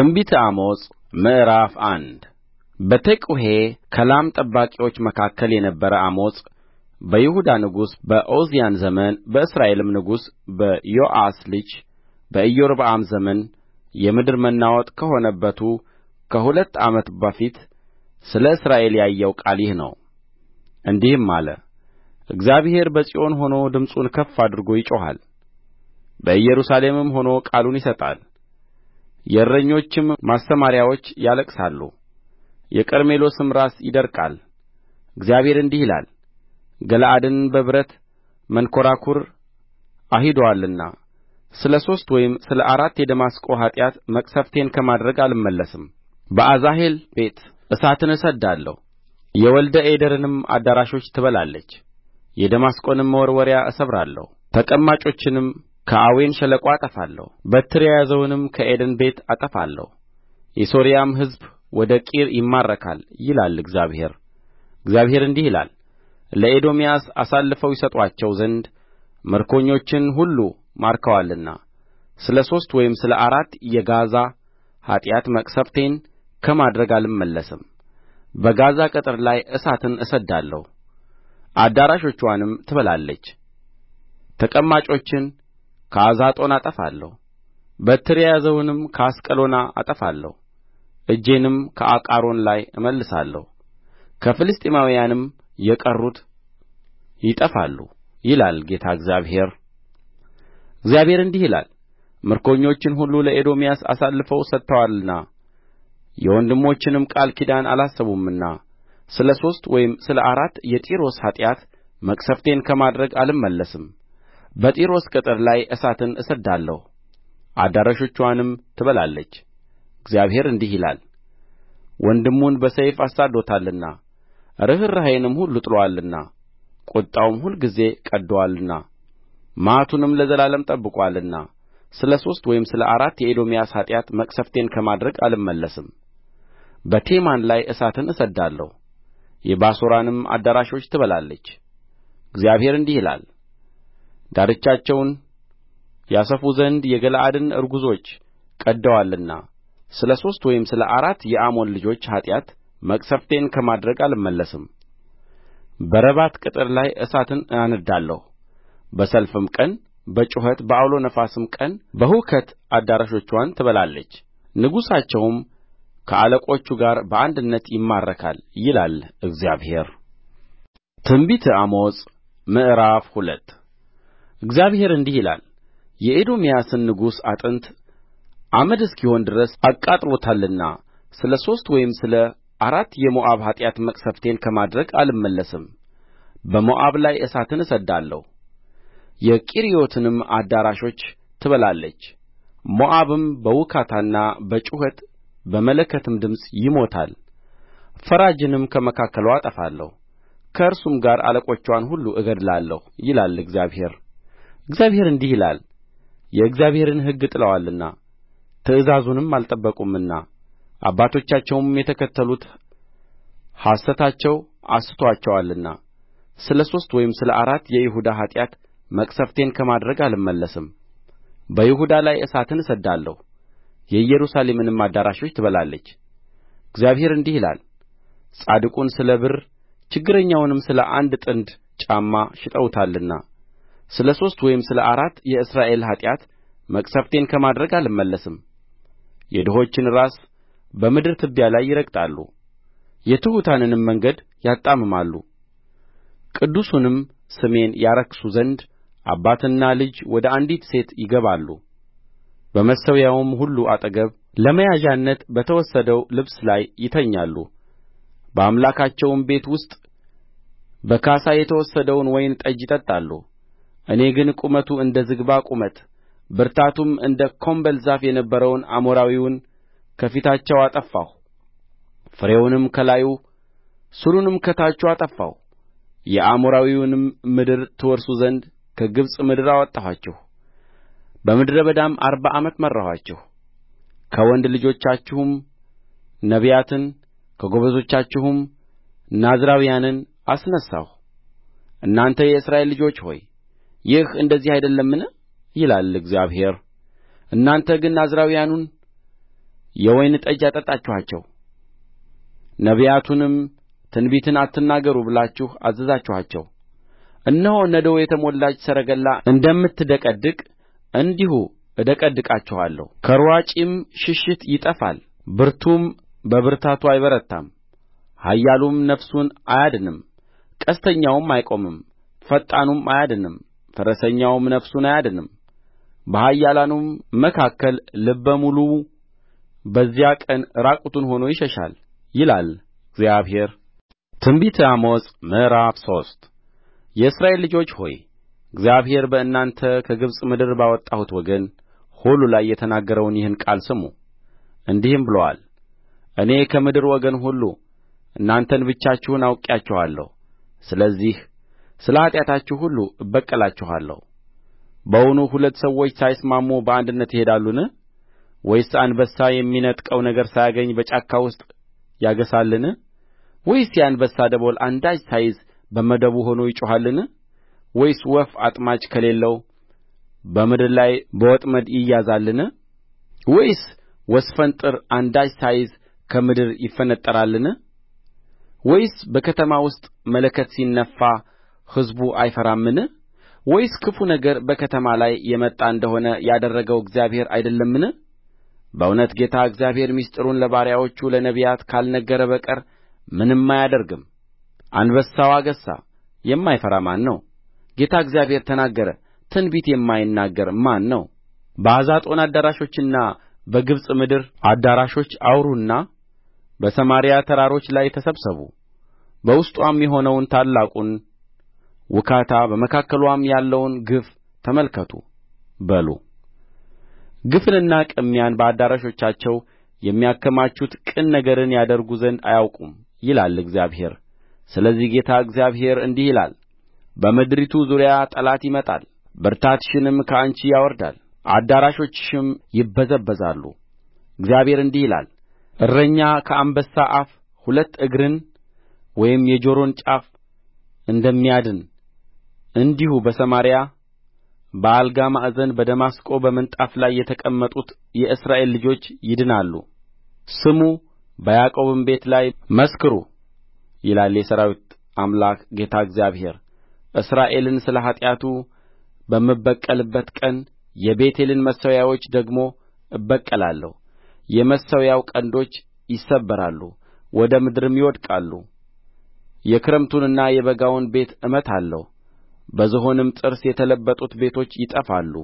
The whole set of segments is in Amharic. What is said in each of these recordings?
ትንቢተ አሞጽ ምዕራፍ አንድ በቴቁሔ ከላም ጠባቂዎች መካከል የነበረ አሞጽ በይሁዳ ንጉሥ በዖዝያን ዘመን በእስራኤልም ንጉሥ በዮአስ ልጅ በኢዮርብዓም ዘመን የምድር መናወጥ ከሆነበቱ ከሁለት ዓመት በፊት ስለ እስራኤል ያየው ቃል ይህ ነው። እንዲህም አለ። እግዚአብሔር በጽዮን ሆኖ ድምፁን ከፍ አድርጎ ይጮኻል፣ በኢየሩሳሌምም ሆኖ ቃሉን ይሰጣል። የእረኞችም ማሰማርያዎች ያለቅሳሉ የቀርሜሎስም ራስ ይደርቃል እግዚአብሔር እንዲህ ይላል ገለዓድን በብረት መንኰራኵር አሂዶአልና ስለ ሦስት ወይም ስለ አራት የደማስቆ ኃጢአት መቅሠፍቴን ከማድረግ አልመለስም በአዛሄል ቤት እሳትን እሰድዳለሁ የወልደ አዴርንም አዳራሾች ትበላለች የደማስቆንም መወርወሪያ እሰብራለሁ ተቀማጮችንም ከአዌን ሸለቆ አጠፋለሁ በትር የያዘውንም ከኤደን ቤት አጠፋለሁ የሶርያም ሕዝብ ወደ ቂር ይማረካል ይላል እግዚአብሔር እግዚአብሔር እንዲህ ይላል ለኤዶምያስ አሳልፈው ይሰጡአቸው ዘንድ ምርኮኞችን ሁሉ ማርከዋልና ስለ ሦስት ወይም ስለ አራት የጋዛ ኃጢአት መቅሠፍቴን ከማድረግ አልመለስም በጋዛ ቅጥር ላይ እሳትን እሰድዳለሁ አዳራሾችዋንም ትበላለች ተቀማጮችን ከአዛጦን አጠፋለሁ በትር የያዘውንም ከአስቀሎና አጠፋለሁ እጄንም ከአቃሮን ላይ እመልሳለሁ ከፍልስጥኤማውያንም የቀሩት ይጠፋሉ ይላል ጌታ እግዚአብሔር እግዚአብሔር እንዲህ ይላል ምርኮኞችን ሁሉ ለኤዶምያስ አሳልፈው ሰጥተዋልና የወንድሞችንም ቃል ኪዳን አላሰቡምና ስለ ሦስት ወይም ስለ አራት የጢሮስ ኃጢአት መቅሠፍቴን ከማድረግ አልመለስም በጢሮስ ቅጥር ላይ እሳትን እሰድዳለሁ አዳራሾችዋንም ትበላለች እግዚአብሔር እንዲህ ይላል ወንድሙን በሰይፍ አሳድዶታልና ርኅራኄንም ሁሉ ጥሎአልና ቍጣውም ሁልጊዜ ቀድዶአልና መዓቱንም ለዘላለም ጠብቆአልና ስለ ሦስት ወይም ስለ አራት የኤዶምያስ ኃጢአት መቅሠፍቴን ከማድረግ አልመለስም በቴማን ላይ እሳትን እሰድዳለሁ የባሶራንም አዳራሾች ትበላለች እግዚአብሔር እንዲህ ይላል ዳርቻቸውን ያሰፉ ዘንድ የገለዓድን እርጕዞች ቀድደዋልና ስለ ሦስት ወይም ስለ አራት የአሞን ልጆች ኃጢአት መቅሠፍቴን ከማድረግ አልመለስም በረባት ቅጥር ላይ እሳትን አነድዳለሁ በሰልፍም ቀን በጩኸት በዐውሎ ነፋስም ቀን በሁከት አዳራሾችዋን ትበላለች ንጉሣቸውም ከአለቆቹ ጋር በአንድነት ይማረካል ይላል እግዚአብሔር ትንቢተ አሞጽ ምዕራፍ ሁለት እግዚአብሔር እንዲህ ይላል የኤዶምያስን ንጉሥ አጥንት አመድ እስኪሆን ድረስ አቃጥሎታልና ስለ ሦስት ወይም ስለ አራት የሞዓብ ኃጢአት መቅሠፍቴን ከማድረግ አልመለስም በሞዓብ ላይ እሳትን እሰድዳለሁ የቂርዮትንም አዳራሾች ትበላለች ሞዓብም በውካታና በጩኸት በመለከትም ድምፅ ይሞታል ፈራጅንም ከመካከልዋ አጠፋለሁ ከእርሱም ጋር አለቆችዋን ሁሉ እገድላለሁ ይላል እግዚአብሔር እግዚአብሔር እንዲህ ይላል የእግዚአብሔርን ሕግ ጥለዋልና ትእዛዙንም አልጠበቁምና አባቶቻቸውም የተከተሉት ሐሰታቸው አስቶአቸዋልና ስለ ሦስት ወይም ስለ አራት የይሁዳ ኃጢአት መቅሠፍቴን ከማድረግ አልመለስም በይሁዳ ላይ እሳትን እሰድዳለሁ የኢየሩሳሌምንም አዳራሾች ትበላለች እግዚአብሔር እንዲህ ይላል ጻድቁን ስለ ብር ችግረኛውንም ስለ አንድ ጥንድ ጫማ ሽጠውታልና ስለ ሦስት ወይም ስለ አራት የእስራኤል ኃጢአት መቅሠፍቴን ከማድረግ አልመለስም የድሆችን ራስ በምድር ትቢያ ላይ ይረግጣሉ የትሑታንንም መንገድ ያጣምማሉ ቅዱሱንም ስሜን ያረክሱ ዘንድ አባትና ልጅ ወደ አንዲት ሴት ይገባሉ በመሠዊያውም ሁሉ አጠገብ ለመያዣነት በተወሰደው ልብስ ላይ ይተኛሉ በአምላካቸውም ቤት ውስጥ በካሣ የተወሰደውን ወይን ጠጅ ይጠጣሉ እኔ ግን ቁመቱ እንደ ዝግባ ቁመት ብርታቱም እንደ ኮምበል ዛፍ የነበረውን አሞራዊውን ከፊታቸው አጠፋሁ ፍሬውንም ከላዩ ሥሩንም ከታቹ አጠፋሁ የአሞራዊውንም ምድር ትወርሱ ዘንድ ከግብጽ ምድር አወጣኋችሁ በምድረ በዳም አርባ ዓመት መራኋችሁ ከወንድ ልጆቻችሁም ነቢያትን ከጎበዞቻችሁም ናዝራውያንን አስነሣሁ እናንተ የእስራኤል ልጆች ሆይ ይህ እንደዚህ አይደለምን ይላል እግዚአብሔር እናንተ ግን ናዝራውያኑን የወይን ጠጅ አጠጣችኋቸው ነቢያቱንም ትንቢትን አትናገሩ ብላችሁ አዘዛችኋቸው እነሆ ነዶው የተሞላች ሰረገላ እንደምትደቀድቅ እንዲሁ እደቀድቃችኋለሁ ከርዋጪም ሽሽት ይጠፋል ብርቱም በብርታቱ አይበረታም ኃያሉም ነፍሱን አያድንም ቀስተኛውም አይቆምም ፈጣኑም አያድንም ፈረሰኛውም ነፍሱን አያድንም በኃያላኑም መካከል ልበ ሙሉው በዚያ ቀን ዕራቁቱን ሆኖ ይሸሻል ይላል እግዚአብሔር ትንቢተ አሞጽ ምዕራፍ ሶስት የእስራኤል ልጆች ሆይ እግዚአብሔር በእናንተ ከግብጽ ምድር ባወጣሁት ወገን ሁሉ ላይ የተናገረውን ይህን ቃል ስሙ እንዲህም ብሎአል እኔ ከምድር ወገን ሁሉ እናንተን ብቻችሁን አውቄአችኋለሁ ስለዚህ ስለ ኃጢአታችሁ ሁሉ እበቀላችኋለሁ በውኑ ሁለት ሰዎች ሳይስማሙ በአንድነት ይሄዳሉን ወይስ አንበሳ የሚነጥቀው ነገር ሳያገኝ በጫካ ውስጥ ያገሣልን ወይስ የአንበሳ ደቦል አንዳች ሳይዝ በመደቡ ሆኖ ይጮኻልን ወይስ ወፍ አጥማጅ ከሌለው በምድር ላይ በወጥመድ ይያዛልን ወይስ ወስፈንጠር አንዳች ሳይዝ ከምድር ይፈነጠራልን ወይስ በከተማ ውስጥ መለከት ሲነፋ ሕዝቡ አይፈራምን ወይስ ክፉ ነገር በከተማ ላይ የመጣ እንደ ሆነ ያደረገው እግዚአብሔር አይደለምን በእውነት ጌታ እግዚአብሔር ምሥጢሩን ለባሪያዎቹ ለነቢያት ካልነገረ በቀር ምንም አያደርግም አንበሳው አገሣ የማይፈራ ማን ነው ጌታ እግዚአብሔር ተናገረ ትንቢት የማይናገር ማን ነው በአዛጦን አዳራሾችና በግብጽ ምድር አዳራሾች አውሩና በሰማርያ ተራሮች ላይ ተሰብሰቡ በውስጥዋም የሆነውን ታላቁን ውካታ በመካከልዋም ያለውን ግፍ ተመልከቱ በሉ ግፍንና ቅሚያን በአዳራሾቻቸው የሚያከማቹት ቅን ነገርን ያደርጉ ዘንድ አያውቁም ይላል እግዚአብሔር ስለዚህ ጌታ እግዚአብሔር እንዲህ ይላል በምድሪቱ ዙሪያ ጠላት ይመጣል ብርታትሽንም ከአንቺ ያወርዳል አዳራሾችሽም ይበዘበዛሉ እግዚአብሔር እንዲህ ይላል እረኛ ከአንበሳ አፍ ሁለት እግርን ወይም የጆሮን ጫፍ እንደሚያድን እንዲሁ በሰማርያ በአልጋ ማዕዘን በደማስቆ በምንጣፍ ላይ የተቀመጡት የእስራኤል ልጆች ይድናሉ ስሙ በያዕቆብም ቤት ላይ መስክሩ ይላል የሠራዊት አምላክ ጌታ እግዚአብሔር እስራኤልን ስለ ኃጢአቱ በምበቀልበት ቀን የቤቴልን መሠዊያዎች ደግሞ እበቀላለሁ የመሠዊያው ቀንዶች ይሰበራሉ ወደ ምድርም ይወድቃሉ የክረምቱንና የበጋውን ቤት እመታለሁ በዝሆንም ጥርስ የተለበጡት ቤቶች ይጠፋሉ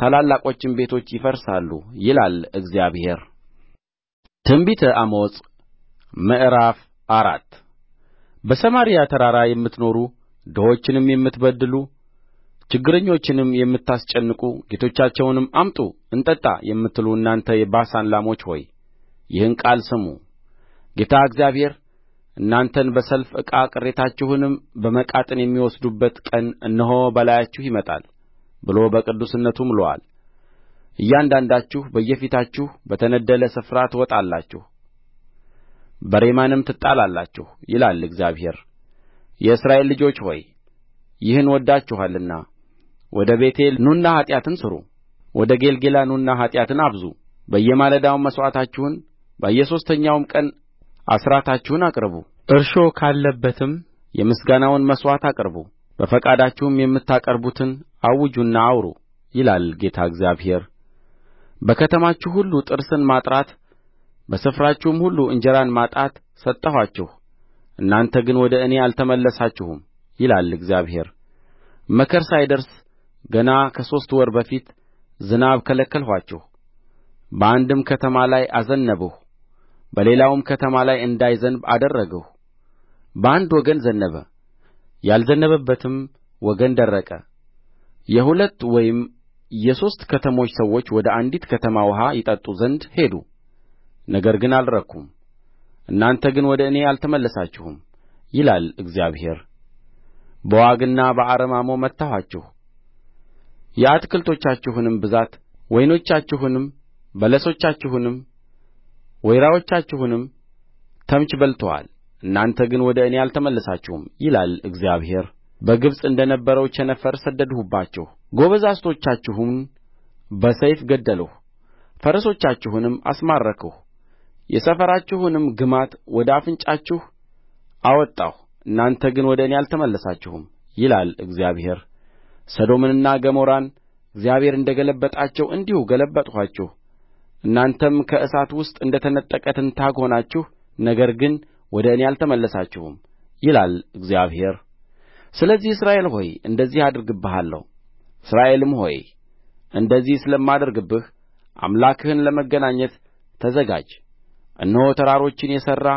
ታላላቆችም ቤቶች ይፈርሳሉ ይላል እግዚአብሔር። ትንቢተ አሞጽ ምዕራፍ አራት በሰማርያ ተራራ የምትኖሩ ድሆችንም የምትበድሉ ችግረኞችንም የምታስጨንቁ ጌቶቻቸውንም አምጡ እንጠጣ የምትሉ እናንተ የባሳን ላሞች ሆይ ይህን ቃል ስሙ። ጌታ እግዚአብሔር እናንተን በሰልፍ ዕቃ ቅሬታችሁንም በመቃጥን የሚወስዱበት ቀን እነሆ በላያችሁ ይመጣል ብሎ በቅዱስነቱ ምሎአል እያንዳንዳችሁ በየፊታችሁ በተነደለ ስፍራ ትወጣላችሁ በሬማንም ትጣላላችሁ ይላል እግዚአብሔር የእስራኤል ልጆች ሆይ ይህን ወድዳችኋልና ወደ ቤቴል ኑና ኃጢአትን ሥሩ ወደ ጌልገላ ኑና ኃጢአትን አብዙ በየማለዳውም መሥዋዕታችሁን በየሦስተኛውም ቀን አሥራታችሁን አቅርቡ እርሾ ካለበትም የምስጋናውን መሥዋዕት አቅርቡ በፈቃዳችሁም የምታቀርቡትን አውጁና አውሩ ይላል ጌታ እግዚአብሔር በከተማችሁ ሁሉ ጥርስን ማጥራት በስፍራችሁም ሁሉ እንጀራን ማጣት ሰጠኋችሁ እናንተ ግን ወደ እኔ አልተመለሳችሁም ይላል እግዚአብሔር መከር ሳይደርስ ገና ከሦስት ወር በፊት ዝናብ ከለከልኋችሁ በአንድም ከተማ ላይ አዘነብሁ በሌላውም ከተማ ላይ እንዳይዘንብ አደረግሁ በአንድ ወገን ዘነበ ያልዘነበበትም ወገን ደረቀ የሁለት ወይም የሦስት ከተሞች ሰዎች ወደ አንዲት ከተማ ውኃ ይጠጡ ዘንድ ሄዱ ነገር ግን አልረኩም እናንተ ግን ወደ እኔ አልተመለሳችሁም ይላል እግዚአብሔር በዋግና በአረማሞ መታኋችሁ የአትክልቶቻችሁንም ብዛት ወይኖቻችሁንም በለሶቻችሁንም ወይራዎቻችሁንም ተምች በልቶአል እናንተ ግን ወደ እኔ አልተመለሳችሁም ይላል እግዚአብሔር በግብጽ እንደ ነበረው ቸነፈር ሰደድሁባችሁ ጐበዛዝቶቻችሁን በሰይፍ ገደልሁ ፈረሶቻችሁንም አስማረክሁ የሰፈራችሁንም ግማት ወደ አፍንጫችሁ አወጣሁ እናንተ ግን ወደ እኔ አልተመለሳችሁም ይላል እግዚአብሔር ሰዶምንና ገሞራን እግዚአብሔር እንደ ገለበጣቸው እንዲሁ ገለበጥኋችሁ እናንተም ከእሳት ውስጥ እንደ ተነጠቀ ትንታግ ሆናችሁ ነገር ግን ወደ እኔ አልተመለሳችሁም ይላል እግዚአብሔር ስለዚህ እስራኤል ሆይ እንደዚህ አድርግብሃለሁ እስራኤልም ሆይ እንደዚህ ስለማደርግብህ አምላክህን ለመገናኘት ተዘጋጅ እነሆ ተራሮችን የሠራ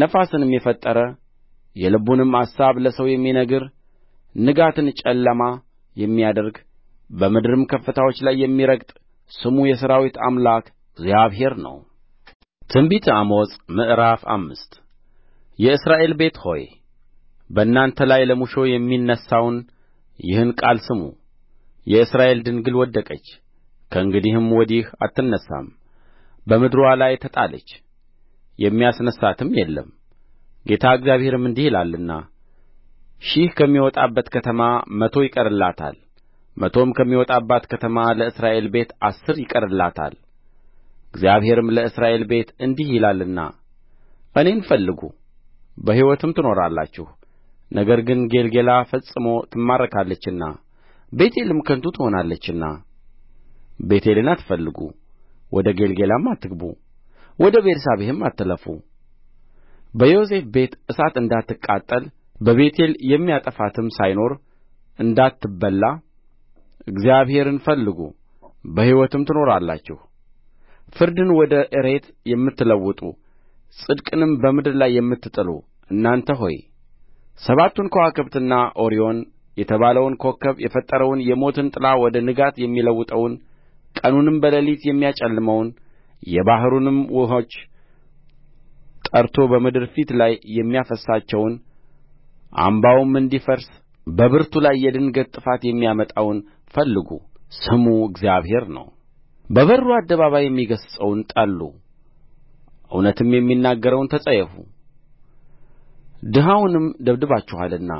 ነፋስንም የፈጠረ የልቡንም አሳብ ለሰው የሚነግር ንጋትን ጨለማ የሚያደርግ በምድርም ከፍታዎች ላይ የሚረግጥ ስሙ የሠራዊት አምላክ እግዚአብሔር ነው። ትንቢተ አሞጽ ምዕራፍ አምስት የእስራኤል ቤት ሆይ በእናንተ ላይ ለሙሾ የሚነሣውን ይህን ቃል ስሙ። የእስራኤል ድንግል ወደቀች፣ ከእንግዲህም ወዲህ አትነሣም፣ በምድሯ ላይ ተጣለች፣ የሚያስነሣትም የለም። ጌታ እግዚአብሔርም እንዲህ ይላልና ሺህ ከሚወጣባት ከተማ መቶ ይቀርላታል። መቶም ከሚወጣባት ከተማ ለእስራኤል ቤት አሥር ይቀርላታል እግዚአብሔርም ለእስራኤል ቤት እንዲህ ይላልና እኔን ፈልጉ በሕይወትም ትኖራላችሁ ነገር ግን ጌልገላ ፈጽሞ ትማረካለችና ቤቴልም ከንቱ ትሆናለችና ቤቴልን አትፈልጉ ወደ ጌልገላም አትግቡ ወደ ቤርሳቤህም አትለፉ በዮሴፍ ቤት እሳት እንዳትቃጠል በቤቴል የሚያጠፋትም ሳይኖር እንዳትበላ እግዚአብሔርን ፈልጉ በሕይወትም ትኖራላችሁ ፍርድን ወደ እሬት የምትለውጡ ጽድቅንም በምድር ላይ የምትጥሉ እናንተ ሆይ ሰባቱን ከዋክብትና ኦሪዮን የተባለውን ኮከብ የፈጠረውን የሞትን ጥላ ወደ ንጋት የሚለውጠውን ቀኑንም በሌሊት የሚያጨልመውን የባሕሩንም ውኆች ጠርቶ በምድር ፊት ላይ የሚያፈስሳቸውን አምባውም እንዲፈርስ በብርቱ ላይ የድንገት ጥፋት የሚያመጣውን ፈልጉ ስሙ እግዚአብሔር ነው በበሩ አደባባይ የሚገሥጸውን ጠሉ እውነትም የሚናገረውን ተጸየፉ ድሀውንም ደብድባችኋልና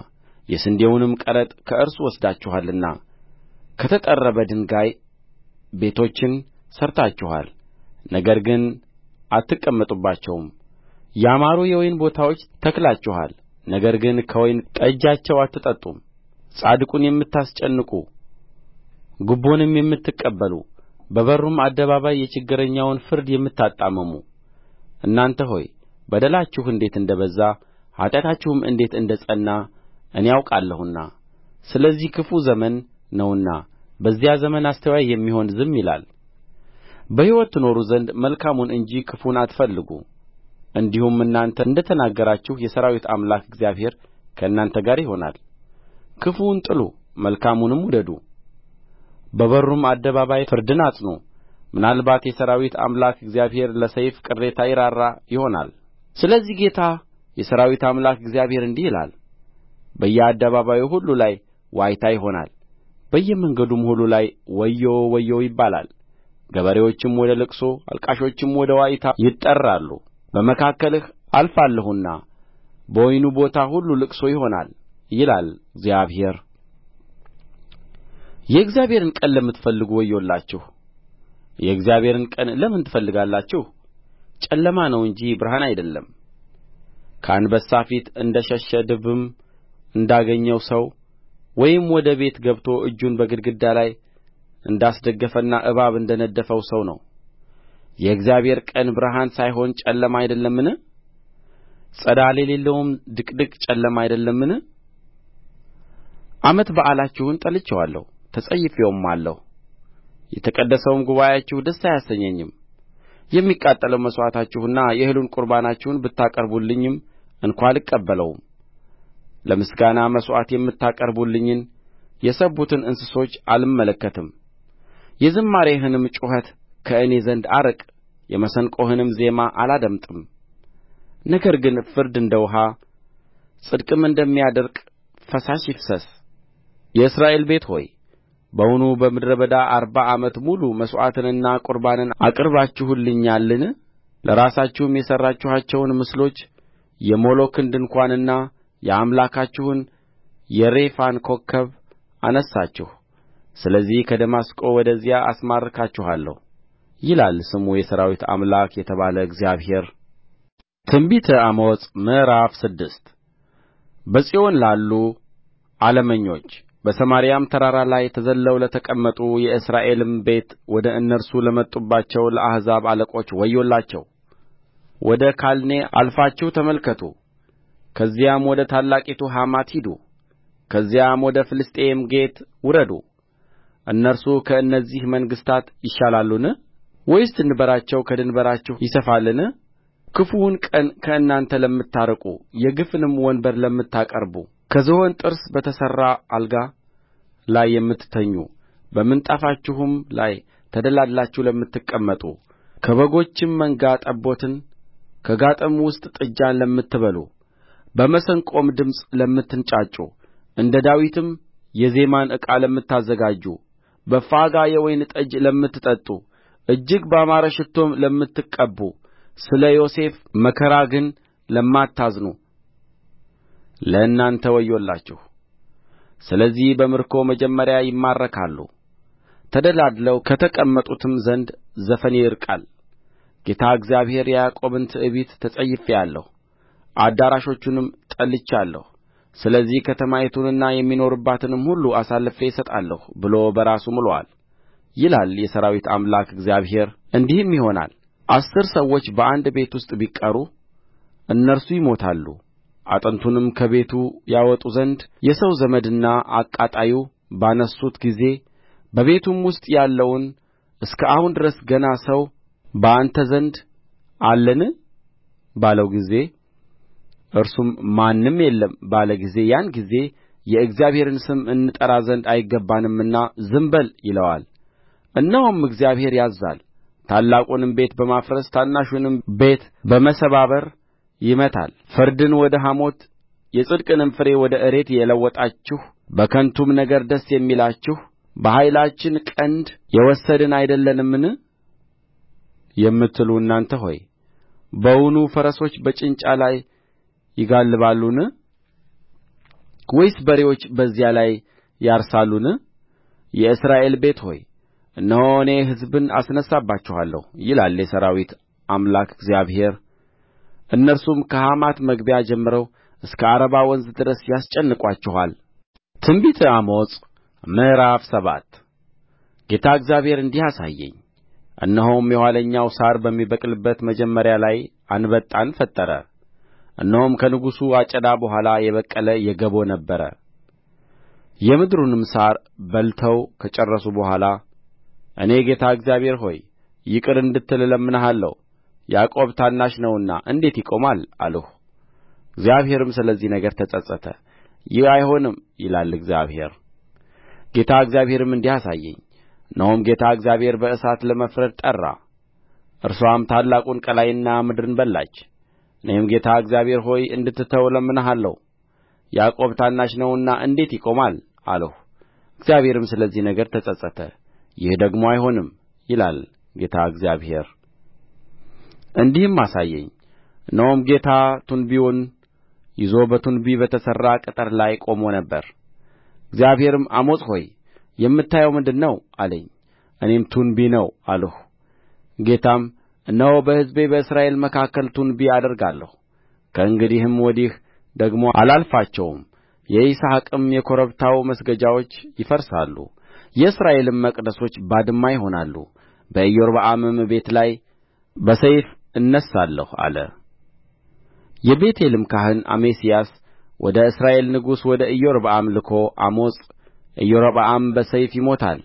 የስንዴውንም ቀረጥ ከእርሱ ወስዳችኋልና ከተጠረበ ድንጋይ ቤቶችን ሠርታችኋል፣ ነገር ግን አትቀመጡባቸውም። ያማሩ የወይን ቦታዎች ተክላችኋል፣ ነገር ግን ከወይን ጠጃቸው አትጠጡም ጻድቁን የምታስጨንቁ ጉቦንም የምትቀበሉ በበሩም አደባባይ የችግረኛውን ፍርድ የምታጣምሙ እናንተ ሆይ በደላችሁ እንዴት እንደ በዛ ኃጢአታችሁም እንዴት እንደ ጸና እኔ አውቃለሁና ስለዚህ ክፉ ዘመን ነውና በዚያ ዘመን አስተዋይ የሚሆን ዝም ይላል በሕይወት ትኖሩ ዘንድ መልካሙን እንጂ ክፉን አትፈልጉ እንዲሁም እናንተ እንደ ተናገራችሁ የሠራዊት አምላክ እግዚአብሔር ከእናንተ ጋር ይሆናል ክፉውን ጥሉ መልካሙንም ውደዱ በበሩም አደባባይ ፍርድን አጽኑ ምናልባት የሠራዊት አምላክ እግዚአብሔር ለሰይፍ ቅሬታ ይራራ ይሆናል ስለዚህ ጌታ የሠራዊት አምላክ እግዚአብሔር እንዲህ ይላል በየአደባባዩ ሁሉ ላይ ዋይታ ይሆናል በየመንገዱም ሁሉ ላይ ወዮ ወዮ ይባላል ገበሬዎችም ወደ ልቅሶ አልቃሾችም ወደ ዋይታ ይጠራሉ በመካከልህ አልፋለሁና በወይኑ ቦታ ሁሉ ልቅሶ ይሆናል ይላል እግዚአብሔር የእግዚአብሔርን ቀን ለምትፈልጉ ወዮላችሁ የእግዚአብሔርን ቀን ለምን ትፈልጋላችሁ ጨለማ ነው እንጂ ብርሃን አይደለም ከአንበሳ ፊት እንደ ሸሸ ድብም እንዳገኘው ሰው ወይም ወደ ቤት ገብቶ እጁን በግድግዳ ላይ እንዳስደገፈና እባብ እንደ ነደፈው ሰው ነው የእግዚአብሔር ቀን ብርሃን ሳይሆን ጨለማ አይደለምን ፀዳል የሌለውም ድቅድቅ ጨለማ አይደለምን ዓመት በዓላችሁን ጠልቼዋለሁ ተጸይፌውማለሁ የተቀደሰውም ጉባኤአችሁ ደስ አያሰኘኝም የሚቃጠለውን መሥዋዕታችሁንና የእህሉን ቍርባናችሁን ብታቀርቡልኝም እንኳ አልቀበለውም ለምስጋና መሥዋዕት የምታቀርቡልኝን የሰቡትን እንስሶች አልመለከትም የዝማሬህንም ጩኸት ከእኔ ዘንድ አርቅ የመሰንቆህንም ዜማ አላደምጥም ነገር ግን ፍርድ እንደ ውኃ ጽድቅም እንደሚያደርቅ ፈሳሽ ይፍሰስ የእስራኤል ቤት ሆይ በውኑ በምድረ በዳ አርባ ዓመት ሙሉ መሥዋዕትንና ቍርባንን አቅርባችሁልኛልን ለራሳችሁም የሠራችኋቸውን ምስሎች የሞሎክን ድንኳንና የአምላካችሁን የሬፋን ኮከብ አነሣችሁ ስለዚህ ከደማስቆ ወደዚያ አስማርካችኋለሁ ይላል ስሙ የሠራዊት አምላክ የተባለ እግዚአብሔር። ትንቢተ አሞጽ ምዕራፍ ስድስት በጽዮን ላሉ ዓለመኞች በሰማርያም ተራራ ላይ ተዘልለው ለተቀመጡ የእስራኤልም ቤት ወደ እነርሱ ለመጡባቸው ለአሕዛብ አለቆች ወዮላቸው! ወደ ካልኔ አልፋችሁ ተመልከቱ፣ ከዚያም ወደ ታላቂቱ ሐማት ሂዱ፣ ከዚያም ወደ ፍልስጥኤም ጌት ውረዱ። እነርሱ ከእነዚህ መንግሥታት ይሻላሉን? ወይስ ድንበራቸው ከድንበራችሁ ይሰፋልን ክፉውን ቀን ከእናንተ ለምታርቁ የግፍንም ወንበር ለምታቀርቡ ከዝሆን ጥርስ በተሠራ አልጋ ላይ የምትተኙ በምንጣፋችሁም ላይ ተደላድላችሁ ለምትቀመጡ ከበጎችም መንጋ ጠቦትን ከጋጥም ውስጥ ጥጃን ለምትበሉ በመሰንቆም ድምፅ ለምትንጫጩ እንደ ዳዊትም የዜማን ዕቃ ለምታዘጋጁ በፋጋ የወይን ጠጅ ለምትጠጡ እጅግ ባማረ ሽቶም ለምትቀቡ ስለ ዮሴፍ መከራ ግን ለማታዝኑ ለእናንተ ወዮላችሁ ስለዚህ በምርኮ መጀመሪያ ይማረካሉ ተደላድለው ከተቀመጡትም ዘንድ ዘፈን ይርቃል ጌታ እግዚአብሔር የያዕቆብን ትዕቢት ተጸይፌአለሁ አዳራሾቹንም ጠልቻለሁ ስለዚህ ከተማይቱንና የሚኖሩባትንም ሁሉ አሳልፌ እሰጣለሁ ብሎ በራሱ ምሎአል ይላል የሠራዊት አምላክ እግዚአብሔር እንዲህም ይሆናል አሥር ሰዎች በአንድ ቤት ውስጥ ቢቀሩ እነርሱ ይሞታሉ አጥንቱንም ከቤቱ ያወጡ ዘንድ የሰው ዘመድና አቃጣዩ ባነሡት ጊዜ በቤቱም ውስጥ ያለውን እስከ አሁን ድረስ ገና ሰው በአንተ ዘንድ አለን ባለው ጊዜ እርሱም ማንም የለም ባለ ጊዜ ያን ጊዜ የእግዚአብሔርን ስም እንጠራ ዘንድ አይገባንምና ዝም በል ይለዋል እነሆም እግዚአብሔር ያዝዛል ታላቁንም ቤት በማፍረስ ታናሹንም ቤት በመሰባበር ይመታል ፍርድን ወደ ሐሞት የጽድቅንም ፍሬ ወደ እሬት የለወጣችሁ በከንቱም ነገር ደስ የሚላችሁ በኃይላችን ቀንድ የወሰድን አይደለንምን የምትሉ እናንተ ሆይ በውኑ ፈረሶች በጭንጫ ላይ ይጋልባሉን ወይስ በሬዎች በዚያ ላይ ያርሳሉን የእስራኤል ቤት ሆይ እነሆ እኔ ሕዝብን አስነሣባችኋለሁ ይላል የሠራዊት አምላክ እግዚአብሔር እነርሱም ከሐማት መግቢያ ጀምረው እስከ ዓረባ ወንዝ ድረስ ያስጨንቋችኋል ትንቢተ አሞጽ ምዕራፍ ሰባት ጌታ እግዚአብሔር እንዲህ አሳየኝ እነሆም የኋለኛው ሣር በሚበቅልበት መጀመሪያ ላይ አንበጣን ፈጠረ እነሆም ከንጉሡ አጨዳ በኋላ የበቀለ የገቦ ነበረ የምድሩንም ሣር በልተው ከጨረሱ በኋላ እኔ ጌታ እግዚአብሔር ሆይ ይቅር እንድትል እለምንሃለሁ ያዕቆብ ታናሽ ነውና እንዴት ይቆማል አልሁ እግዚአብሔርም ስለዚህ ነገር ተጸጸተ ይህ አይሆንም ይላል እግዚአብሔር ጌታ እግዚአብሔርም እንዲህ አሳየኝ እነሆም ጌታ እግዚአብሔር በእሳት ለመፍረድ ጠራ እርስዋም ታላቁን ቀላይና ምድርን በላች እኔም ጌታ እግዚአብሔር ሆይ እንድትተው እለምንሃለሁ ያዕቆብ ታናሽ ነውና እንዴት ይቆማል አልሁ እግዚአብሔርም ስለዚህ ነገር ተጸጸተ ይህ ደግሞ አይሆንም ይላል ጌታ እግዚአብሔር እንዲህም አሳየኝ እነሆም ጌታ ቱንቢውን ይዞ በቱንቢ በተሠራ ቅጥር ላይ ቆሞ ነበር እግዚአብሔርም አሞጽ ሆይ የምታየው ምንድር ነው አለኝ እኔም ቱንቢ ነው አልሁ ጌታም እነሆ በሕዝቤ በእስራኤል መካከል ቱንቢ አደርጋለሁ ከእንግዲህም ወዲህ ደግሞ አላልፋቸውም የይስሐቅም የኮረብታው መስገጃዎች ይፈርሳሉ የእስራኤልም መቅደሶች ባድማ ይሆናሉ በኢዮርብዓምም ቤት ላይ በሰይፍ እነሣለሁ አለ የቤቴልም ካህን አሜስያስ ወደ እስራኤል ንጉሥ ወደ ኢዮርብዓም ልኮ አሞጽ ኢዮርብዓም በሰይፍ ይሞታል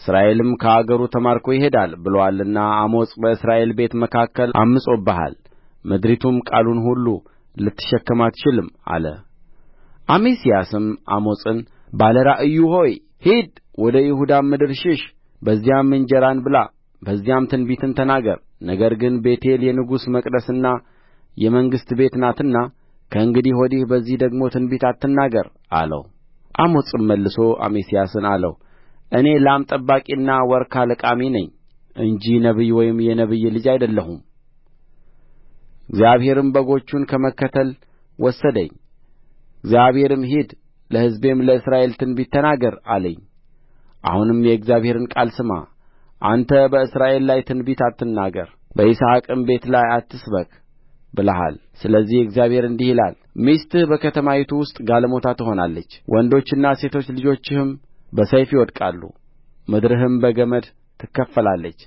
እስራኤልም ከአገሩ ተማርኮ ይሄዳል ብሎአልና አሞጽ በእስራኤል ቤት መካከል ዐምፆብሃል ምድሪቱም ቃሉን ሁሉ ልትሸከም አትችልም አለ አሜስያስም አሞጽን ባለ ራእዩ ሆይ ሂድ ወደ ይሁዳም ምድር ሽሽ በዚያም እንጀራን ብላ በዚያም ትንቢትን ተናገር ነገር ግን ቤቴል የንጉሥ መቅደስና የመንግሥት ቤት ናትና ከእንግዲህ ወዲህ በዚህ ደግሞ ትንቢት አትናገር አለው አሞጽም መልሶ አሜስያስን አለው እኔ ላም ጠባቂና ወርካ ለቃሚ ነኝ እንጂ ነቢይ ወይም የነቢይ ልጅ አይደለሁም እግዚአብሔርም በጎቹን ከመከተል ወሰደኝ እግዚአብሔርም ሂድ ለሕዝቤም ለእስራኤል ትንቢት ተናገር አለኝ አሁንም የእግዚአብሔርን ቃል ስማ አንተ በእስራኤል ላይ ትንቢት አትናገር በይስሐቅም ቤት ላይ አትስበክ ብለሃል ስለዚህ እግዚአብሔር እንዲህ ይላል ሚስትህ በከተማይቱ ውስጥ ጋለሞታ ትሆናለች ወንዶችና ሴቶች ልጆችህም በሰይፍ ይወድቃሉ ምድርህም በገመድ ትከፈላለች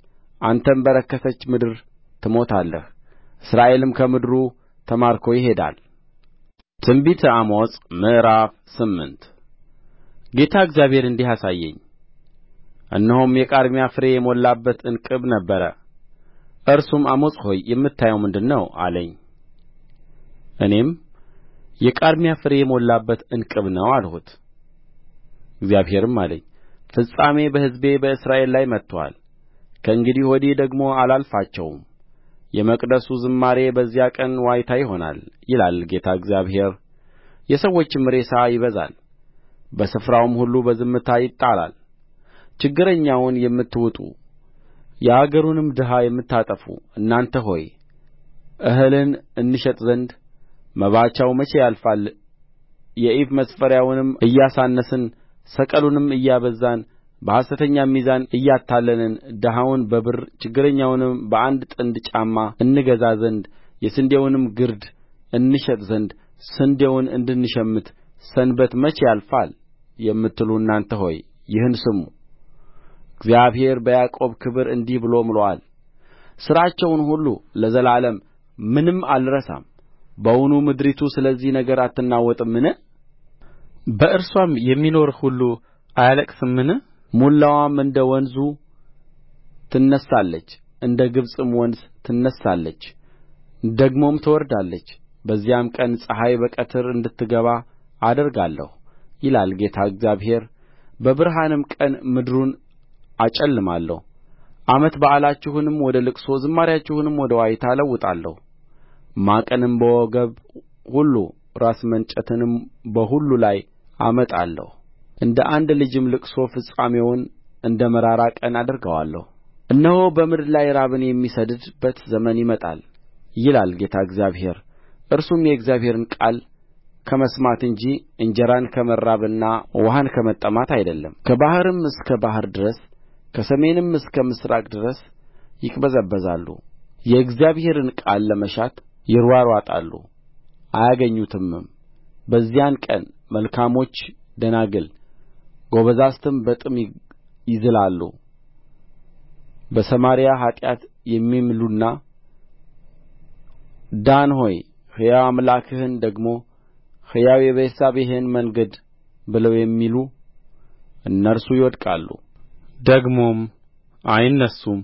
አንተም በረከሰች ምድር ትሞታለህ እስራኤልም ከምድሩ ተማርኮ ይሄዳል ትንቢተ አሞጽ ምዕራፍ ስምንት ጌታ እግዚአብሔር እንዲህ አሳየኝ እነሆም የቃርሚያ ፍሬ የሞላበት ዕንቅብ ነበረ እርሱም አሞጽ ሆይ የምታየው ምንድር ነው አለኝ እኔም የቃርሚያ ፍሬ የሞላበት ዕንቅብ ነው አልሁት እግዚአብሔርም አለኝ ፍጻሜ በሕዝቤ በእስራኤል ላይ መጥቶአል ከእንግዲህ ወዲህ ደግሞ አላልፋቸውም የመቅደሱ ዝማሬ በዚያ ቀን ዋይታ ይሆናል ይላል ጌታ እግዚአብሔር የሰዎችም ሬሳ ይበዛል በስፍራውም ሁሉ በዝምታ ይጣላል ችግረኛውን የምትውጡ የአገሩንም ድሀ የምታጠፉ እናንተ ሆይ እህልን እንሸጥ ዘንድ መባቻው መቼ ያልፋል የኢፍ መስፈሪያውንም እያሳነስን ሰቅሉንም እያበዛን በሐሰተኛ ሚዛን እያታለልን ድሀውን በብር ችግረኛውንም በአንድ ጥንድ ጫማ እንገዛ ዘንድ የስንዴውንም ግርድ እንሸጥ ዘንድ ስንዴውን እንድንሸምት ሰንበት መቼ ያልፋል የምትሉ እናንተ ሆይ ይህን ስሙ እግዚአብሔር በያዕቆብ ክብር እንዲህ ብሎ ምሎአል ሥራቸውን ሁሉ ለዘላለም ምንም አልረሳም በውኑ ምድሪቱ ስለዚህ ነገር አትናወጥምን በእርስዋም የሚኖር ሁሉ አያለቅስምን ሙላዋም እንደ ወንዙ ትነሣለች እንደ ግብጽም ወንዝ ትነሣለች ደግሞም ትወርዳለች በዚያም ቀን ፀሐይ በቀትር እንድትገባ አደርጋለሁ ይላል ጌታ እግዚአብሔር በብርሃንም ቀን ምድሩን አጨልማለሁ ዓመት በዓላችሁንም ወደ ልቅሶ ዝማሬአችሁንም ወደ ዋይታ እለውጣለሁ ማቅንም በወገብ ሁሉ ራስ መንጨትንም በሁሉ ላይ አመጣለሁ እንደ አንድ ልጅም ልቅሶ ፍጻሜውን እንደ መራራ ቀን አደርገዋለሁ እነሆ በምድር ላይ ራብን የሚሰድድበት ዘመን ይመጣል ይላል ጌታ እግዚአብሔር እርሱም የእግዚአብሔርን ቃል ከመስማት እንጂ እንጀራን ከመራብና ውኃን ከመጠማት አይደለም ከባሕርም እስከ ባሕር ድረስ ከሰሜንም እስከ ምሥራቅ ድረስ ይቅበዘበዛሉ የእግዚአብሔርን ቃል ለመሻት ይሯሯጣሉ አያገኙትምም በዚያን ቀን መልካካሞች ደናግል ጐበዛዝትም በጥም ይዝላሉ በሰማርያ ኃጢአት የሚምሉና ዳን ሆይ ሕያው አምላክህን ደግሞ ሕያው የቤርሳቤህን መንገድ ብለው የሚሉ እነርሱ ይወድቃሉ ደግሞም አይነሡም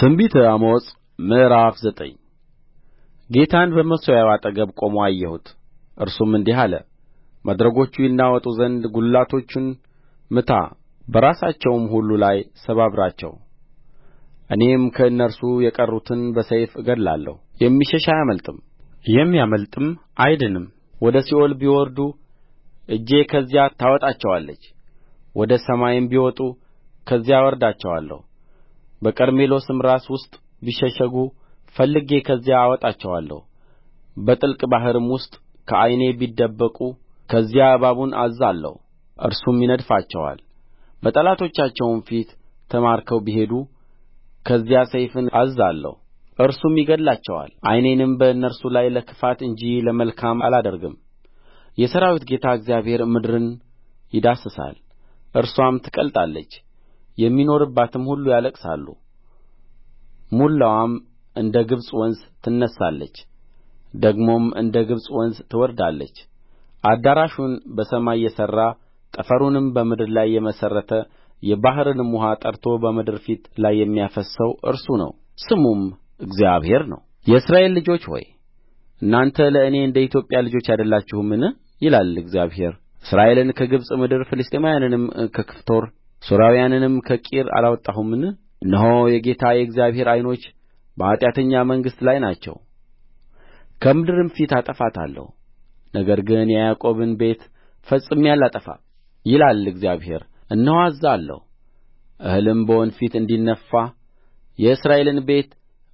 ትንቢተ አሞጽ ምዕራፍ ዘጠኝ ጌታን በመሠዊያው አጠገብ ቆሞ አየሁት እርሱም እንዲህ አለ መድረኮቹ ይናወጡ ዘንድ ጕልላቶቹን ምታ በራሳቸውም ሁሉ ላይ ሰባብራቸው እኔም ከእነርሱ የቀሩትን በሰይፍ እገድላለሁ የሚሸሽ አያመልጥም የሚያመልጥም አይድንም ወደ ሲኦል ቢወርዱ እጄ ከዚያ ታወጣቸዋለች ወደ ሰማይም ቢወጡ ከዚያ አወርዳቸዋለሁ በቀርሜሎስም ራስ ውስጥ ቢሸሸጉ ፈልጌ ከዚያ አወጣቸዋለሁ በጥልቅ ባሕርም ውስጥ ከዓይኔ ቢደበቁ ከዚያ እባቡን አዝዛለሁ እርሱም ይነድፋቸዋል በጠላቶቻቸውም ፊት ተማርከው ቢሄዱ ከዚያ ሰይፍን አዝዛለሁ እርሱም ይገድላቸዋል ዓይኔንም በእነርሱ ላይ ለክፋት እንጂ ለመልካም አላደርግም የሠራዊት ጌታ እግዚአብሔር ምድርን ይዳስሳል እርስዋም ትቀልጣለች የሚኖሩባትም ሁሉ ያለቅሳሉ ሙላዋም እንደ ግብጽ ወንዝ ትነሣለች ደግሞም እንደ ግብጽ ወንዝ ትወርዳለች አዳራሹን በሰማይ የሠራ ጠፈሩንም በምድር ላይ የመሠረተ የባሕርንም ውኃ ጠርቶ በምድር ፊት ላይ የሚያፈስሰው እርሱ ነው ስሙም እግዚአብሔር ነው የእስራኤል ልጆች ሆይ እናንተ ለእኔ እንደ ኢትዮጵያ ልጆች አይደላችሁምን ይላል እግዚአብሔር እስራኤልን ከግብጽ ምድር ፍልስጥኤማውያንንም ከከፍቶር ሶርያውያንንም ከቂር አላወጣሁምን እነሆ የጌታ የእግዚአብሔር ዓይኖች በኃጢአተኛ መንግሥት ላይ ናቸው ከምድርም ፊት አጠፋታለሁ ነገር ግን የያዕቆብን ቤት ፈጽሜ አላጠፋም ይላል እግዚአብሔር እነሆ አዝዛለሁ እህልም በወንፊት እንዲነፋ የእስራኤልን ቤት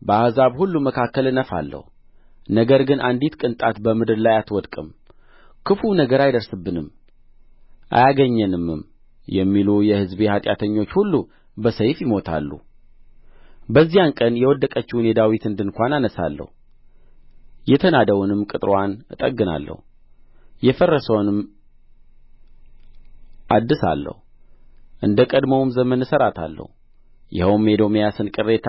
በአሕዛብ ሁሉ መካከል እነፋለሁ ነገር ግን አንዲት ቅንጣት በምድር ላይ አትወድቅም ክፉው ነገር አይደርስብንም አያገኘንምም የሚሉ የሕዝቤ ኃጢአተኞች ሁሉ በሰይፍ ይሞታሉ በዚያን ቀን የወደቀችውን የዳዊትን ድንኳን አነሣለሁ የተናደውንም ቅጥርዋን እጠግናለሁ የፈረሰውንም አድሳለሁ እንደ ቀድሞውም ዘመን እሠራታለሁ ይኸውም የኤዶምያስን ቅሬታ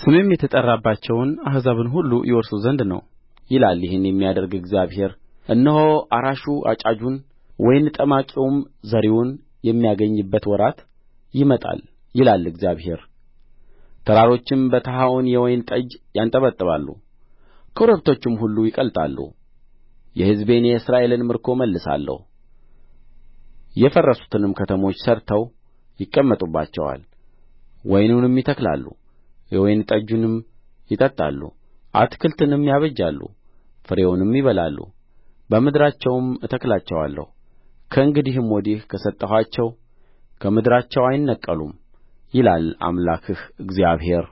ስሜም የተጠራባቸውን አሕዛብን ሁሉ ይወርሱ ዘንድ ነው ይላል ይህን የሚያደርግ እግዚአብሔር እነሆ አራሹ አጫጁን ወይን ጠማቂውም ዘሪውን የሚያገኝበት ወራት ይመጣል ይላል እግዚአብሔር ተራሮችም በተሃውን የወይን ጠጅ ያንጠባጥባሉ ኮረብቶችም ሁሉ ይቀልጣሉ የሕዝቤን የእስራኤልን ምርኮ እመልሳለሁ የፈረሱትንም ከተሞች ሠርተው ይቀመጡባቸዋል ወይኑንም ይተክላሉ የወይን ጠጁንም ይጠጣሉ አትክልትንም ያበጃሉ ፍሬውንም ይበላሉ በምድራቸውም እተክላቸዋለሁ ከእንግዲህም ወዲህ ከሰጠኋቸው ከምድራቸው አይነቀሉም ይላል አምላክህ እግዚአብሔር